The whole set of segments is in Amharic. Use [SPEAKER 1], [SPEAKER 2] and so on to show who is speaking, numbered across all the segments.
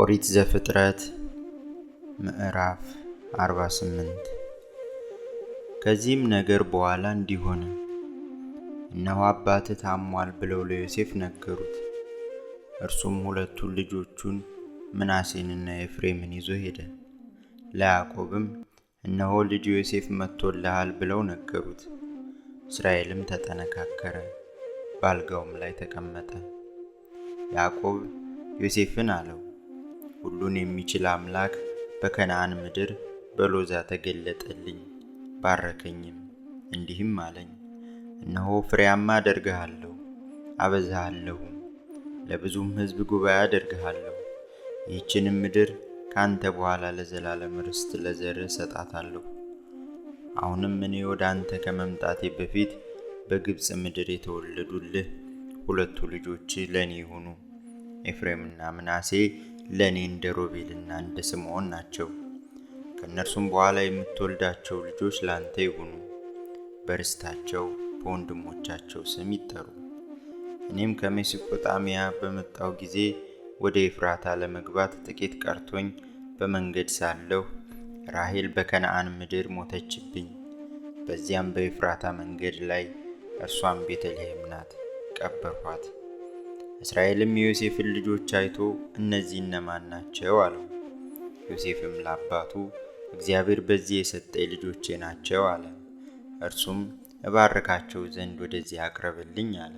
[SPEAKER 1] ኦሪት ዘፍጥረት ምዕራፍ 48 ከዚህም ነገር በኋላ እንዲሆነ እነሆ አባት ታሟል ብለው ለዮሴፍ ነገሩት። እርሱም ሁለቱን ልጆቹን ምናሴንና ኤፍሬምን ይዞ ሄደ። ለያዕቆብም እነሆ ልጅ ዮሴፍ መጥቶልሃል ብለው ነገሩት። እስራኤልም ተጠነካከረ፣ በአልጋውም ላይ ተቀመጠ። ያዕቆብ ዮሴፍን አለው ሁሉን የሚችል አምላክ በከናን ምድር በሎዛ ተገለጠልኝ፣ ባረከኝም፣ እንዲህም አለኝ፦ እነሆ ፍሬያማ አደርግሃለሁ፣ አበዛሃለሁ ለብዙም ህዝብ ጉባኤ አደርግሃለሁ። ይህችንም ምድር ከአንተ በኋላ ለዘላለም ርስት ለዘር ሰጣታለሁ። አሁንም እኔ ወደ አንተ ከመምጣቴ በፊት በግብፅ ምድር የተወለዱልህ ሁለቱ ልጆች ለእኔ የሆኑ ኤፍሬምና ምናሴ ለእኔ እንደ ሮቤልና እንደ ስምዖን ናቸው። ከእነርሱም በኋላ የምትወልዳቸው ልጆች ላንተ ይሁኑ፣ በርስታቸው በወንድሞቻቸው ስም ይጠሩ። እኔም ከሜሶጶጣሚያ በመጣው ጊዜ ወደ ኤፍራታ ለመግባት ጥቂት ቀርቶኝ በመንገድ ሳለሁ ራሄል በከነአን ምድር ሞተችብኝ። በዚያም በኤፍራታ መንገድ ላይ እርሷም ቤተልሔም ናት፣ ቀበርኋት። እስራኤልም የዮሴፍን ልጆች አይቶ እነዚህ እነማን ናቸው አለው። ዮሴፍም ለአባቱ እግዚአብሔር በዚህ የሰጠኝ ልጆቼ ናቸው አለ። እርሱም እባርካቸው ዘንድ ወደዚህ አቅርብልኝ አለ።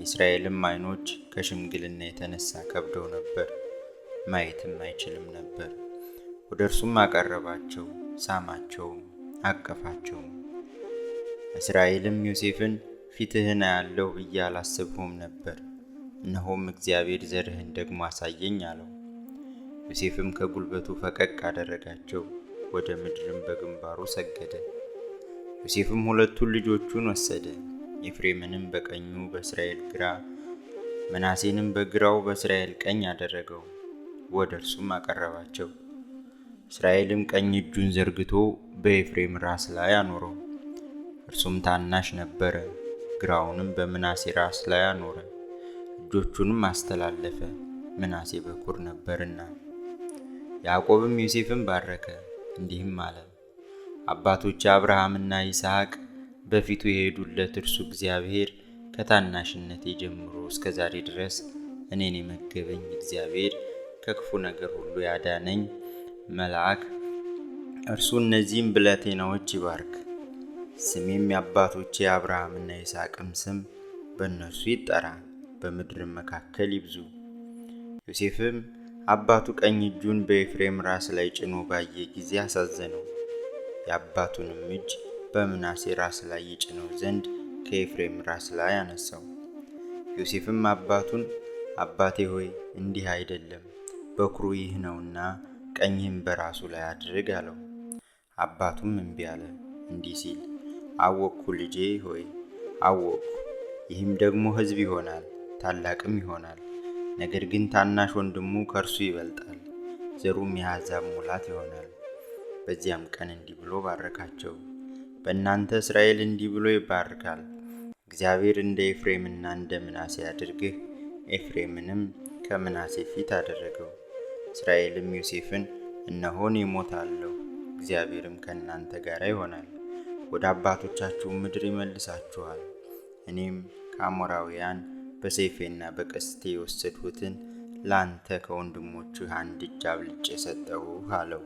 [SPEAKER 1] የእስራኤልም ዓይኖች ከሽምግልና የተነሳ ከብደው ነበር፣ ማየትም አይችልም ነበር። ወደ እርሱም አቀረባቸው፣ ሳማቸውም፣ አቀፋቸውም። እስራኤልም ዮሴፍን ፊትህን አያለሁ ብዬ አላሰብሁም ነበር እነሆም እግዚአብሔር ዘርህን ደግሞ አሳየኝ አለው። ዮሴፍም ከጉልበቱ ፈቀቅ አደረጋቸው፣ ወደ ምድርም በግንባሩ ሰገደ። ዮሴፍም ሁለቱን ልጆቹን ወሰደ፣ ኤፍሬምንም በቀኙ በእስራኤል ግራ፣ መናሴንም በግራው በእስራኤል ቀኝ አደረገው፣ ወደ እርሱም አቀረባቸው። እስራኤልም ቀኝ እጁን ዘርግቶ በኤፍሬም ራስ ላይ አኖረው፣ እርሱም ታናሽ ነበረ። ግራውንም በምናሴ ራስ ላይ አኖረ። ልጆቹንም አስተላለፈ፣ ምናሴ በኩር ነበርና። ያዕቆብም ዮሴፍን ባረከ፣ እንዲህም አለ አባቶች አብርሃምና ይስሐቅ በፊቱ የሄዱለት እርሱ እግዚአብሔር ከታናሽነቴ ጀምሮ እስከ ዛሬ ድረስ እኔን የመገበኝ እግዚአብሔር ከክፉ ነገር ሁሉ ያዳነኝ መልአክ እርሱ እነዚህም ብለቴናዎች ይባርክ። ስሜም የአባቶቼ የአብርሃምና የይስሐቅም ስም በእነሱ ይጠራል። በምድርም መካከል ይብዙ። ዮሴፍም አባቱ ቀኝ እጁን በኤፍሬም ራስ ላይ ጭኖ ባየ ጊዜ አሳዘነው። የአባቱንም እጅ በምናሴ ራስ ላይ ይጭነው ዘንድ ከኤፍሬም ራስ ላይ አነሳው። ዮሴፍም አባቱን አባቴ ሆይ እንዲህ አይደለም፣ በኩሩ ይህ ነውና ቀኝህም በራሱ ላይ አድርግ አለው። አባቱም እምቢ አለ፣ እንዲህ ሲል አወቅኩ ልጄ ሆይ አወቅኩ፣ ይህም ደግሞ ሕዝብ ይሆናል ታላቅም ይሆናል። ነገር ግን ታናሽ ወንድሙ ከእርሱ ይበልጣል፣ ዘሩም የአሕዛብ ሙላት ይሆናል። በዚያም ቀን እንዲህ ብሎ ባረካቸው፣ በእናንተ እስራኤል እንዲህ ብሎ ይባርካል። እግዚአብሔር እንደ ኤፍሬምና እንደ ምናሴ አድርግህ፣ ኤፍሬምንም ከምናሴ ፊት አደረገው። እስራኤልም ዮሴፍን እነሆን ይሞታለሁ እግዚአብሔርም ከእናንተ ጋር ይሆናል፣ ወደ አባቶቻችሁ ምድር ይመልሳችኋል፣ እኔም ከአሞራውያን በሰይፌና በቀስቴ የወሰድሁትን ለአንተ ከወንድሞችህ አንድ እጅ አብልጬ ሰጠሁህ አለው።